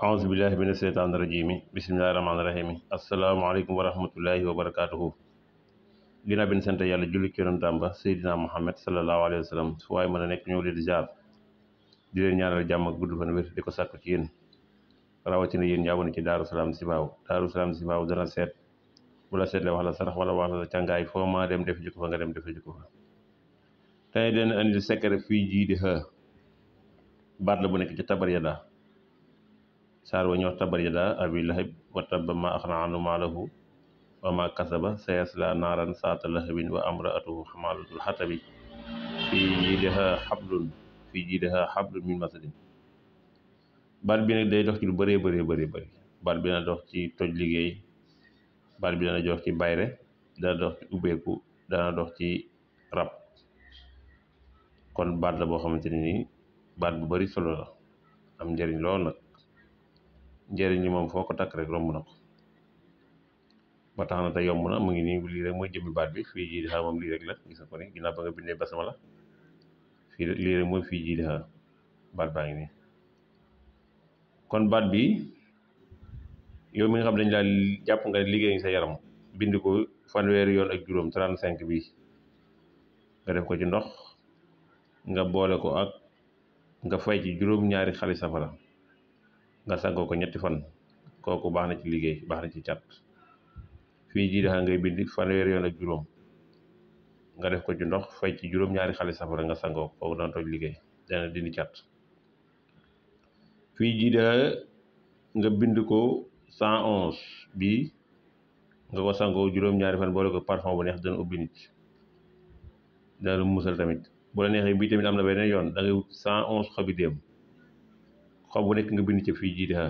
aousubillahi mina seytaan rajimi bisimilahi rahmaani rahimi asalaamaaleykum wa rahmatullahi wa barakaatuhu ginnaaw bi ñu sant yàlla julli ci yonentam ba Seydina Muhammad sallallahu alayhi wa sallam fu waaye mën a nekk ñëw leen di jaar di ñaanal jàmm ak gudd fan wér di ko sàkk ci yéen rawatina yéen ñi abonné ci Daaru Salaam si Sibaaw Daaru Salaam Sibaaw dana seet wala seet la wax la sarax wala wax la càngaay foo maa dem def jikko fa nga dem def jikko fa tey den andi secret fii saar wa ñu wax tabbat yadaa abii lahab wa tabba maa aghnaa anhu maaluhu wa maa kasaba sayaslaa naaran zaata lahabin wa imra'atuhu hammaalatal hatabi fii jiidihaa hablun fii jiidihaa hablun min masadin baat bi nag day dox ci lu bëree bëree bëri bëri baat bi dana dox ci toj liggéey baat bi dana dox ci bayre dana dox ci ubbeeku dana dox ci rab kon baat la boo xamante ne nii baat bu bari solo la am njëriñ lool nag njëriñ li moom foo ko takk rek romb na ko ba tax na te yomb na mu ngi nii lii rek mooy jëmmi baat bi fii jii dixaa moom lii rek la gis nga ko ni ba nga bindee basama la fii fii jii baat baa ngi nii kon baat bi yow mi nga xam dañ laa jàpp nga liggéey sa yaram bind ko fanweeri yoon ak juróom 35 bi nga def ko ci ndox nga boole ko ak nga fay ci juróom ñaari xali safara nga sangoo ko ñetti fan kooku baax na ci liggéey baax na ci cat fii jii daxa ngay bind fanweeri yoon ak juróom nga def ko ci ndox fay ci juróom-ñaari xale safara nga sangoo ko kooku dana liggéey dana dindi cat fii jii daxa nga bind ko 111 bii nga ko sangoo juróom-ñaari fan boole ko parfum bu neex dana ubbi nit dana musal tamit boole neexee bii tamit am na beneen yoon da ngay wut 111 xob bu nekk nga bind ci fii jiidiha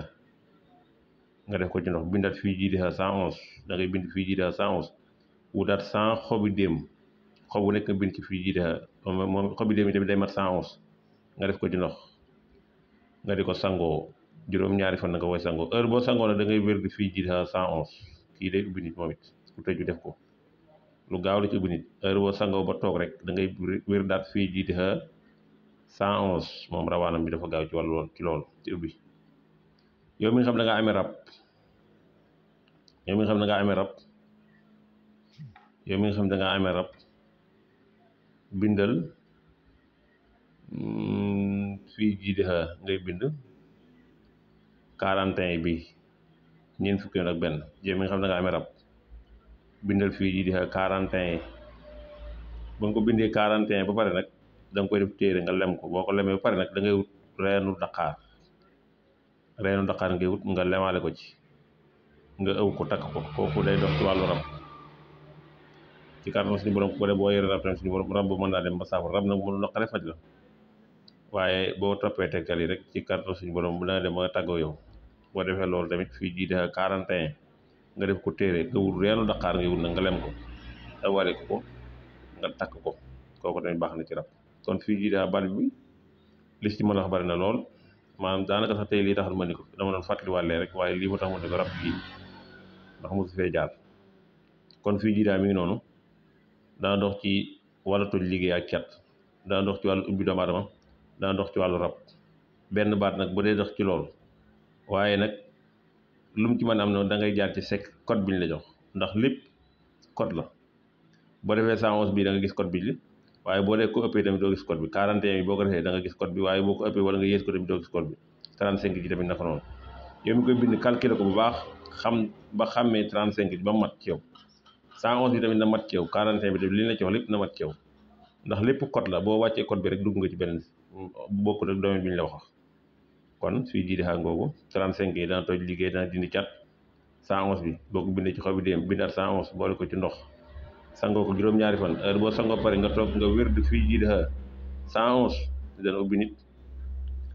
nga def ko ci ndox bindaat fii jiidiha 111 da ngay bind fii jiidiha 111 wutaat 100 xobi déem xob bu nekk nga bind ci fii jiidiha moom xobi déem yi tamit day mat 111 nga def ko ci ndox nga de ko sangoo juróom-ñaari fan nga koy sangoo heure boo sangoo nag dangay ngay wér di fii jiidiha 111 kii day ubbi nit moom it ku tëju def ko lu gaaw la ci ubbi nit heure boo sangoo ba toog rek da ngay daat fii jiidiha cent onze moom rawaanam bi dafa gaaw ci wàllu ci lool ci ubbi yow mi nga xam da ngaa amee rab yow mi nga xam da ngaa yow mi nga xam da rab bindal mm, fii jiidixa ngay bind quarante bi ñeent fukki yoon ak benn yow mi nga xam da ngaa amee rab bindal fii jiidixa quarante ba nga ko bindee quarante ba pare nag da nga koy def téere nga lem ko boo ko lemee ba pare nag da ngay wut reenu daqaar reenu daqaar ngay wut nga lemaale ko ci nga ëw ko takk ko kooku day dox ci wàllu rab ci boo yore rab tam suñu borom rab bu mën naa dem ba saafara rab nag mënu naqare faj la boo toppee tegtal yi rek ci kàttan suñu borom bu dana dem ba tàggoo yow boo defee loolu tamit jii defe nga def ko téere nga wut reenu daqaar ngay wut nga lem ko awale ko nga takk ko kooku tamit baax na ci rap kon fii ji daa bari bi li ci mën a bari na lool maanaam daanaka sax tey lii taxal ma ni ko dama doon fàttaliwaale rek waaye lii ma tax ma ni ko rab jaar kon fii ji daa mi ngi noonu dana dox ci wàllutul liggéey ak cat dana dox ci wàllu ubbi doomu aadama dana dox ci wàllu rab benn baat nag bu dee dox ci lool waaye nag lu ci mën a am noonu da ngay jaar ci sec code bi ñu la jox ndax lépp code la boo defee 111 bii da nga gis code bi li waaye boo dee ko ëppee tamit doo gis code bi 41 bi boo ko defee da nga gis code bi waaye boo ko ëppee wala nga yées ko tamit doo gis code bi 35 ji ba xàmmee mat ci yow 111 bi tamit na mat ci yow 41 bi tamit la ci wax lépp na mat ci yow ndax lépp code la boo wàccee code bi rek dugg nga ci beneen bokkul ak bi ñu la wax kon suy jiite xaar ngoogu 35 yi dana toj liggéey dana dindi cat 111 bi boo ko bindee ci xob bi dem bindaat 111 boole ko ci ndox. sangoo ko juróom-ñaari fan heure boo sangoo pare nga toog nga wér di fii jiid ha cent onze di dana ubbi nit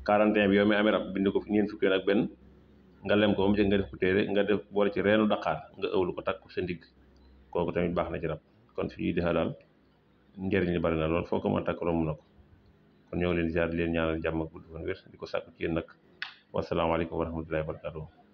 quarante et un bi yow amee rab bind ko fi ñeent fukki ak benn nga lem ko ba mu nga def ko téere nga def boole ci reenu daqaar nga ëwlu ko takk sa ndigg kooku tamit baax na ci rab kon fii di ha daal njëriñ li bari na lool foo ko mën takk romb na ko kon ñoo ngi leen di ziar di leen ñaanal jàmm ak gudd di ko sàkku ci yéen nag wasalaamaaleykum wa rahmatullahi wa barakatuh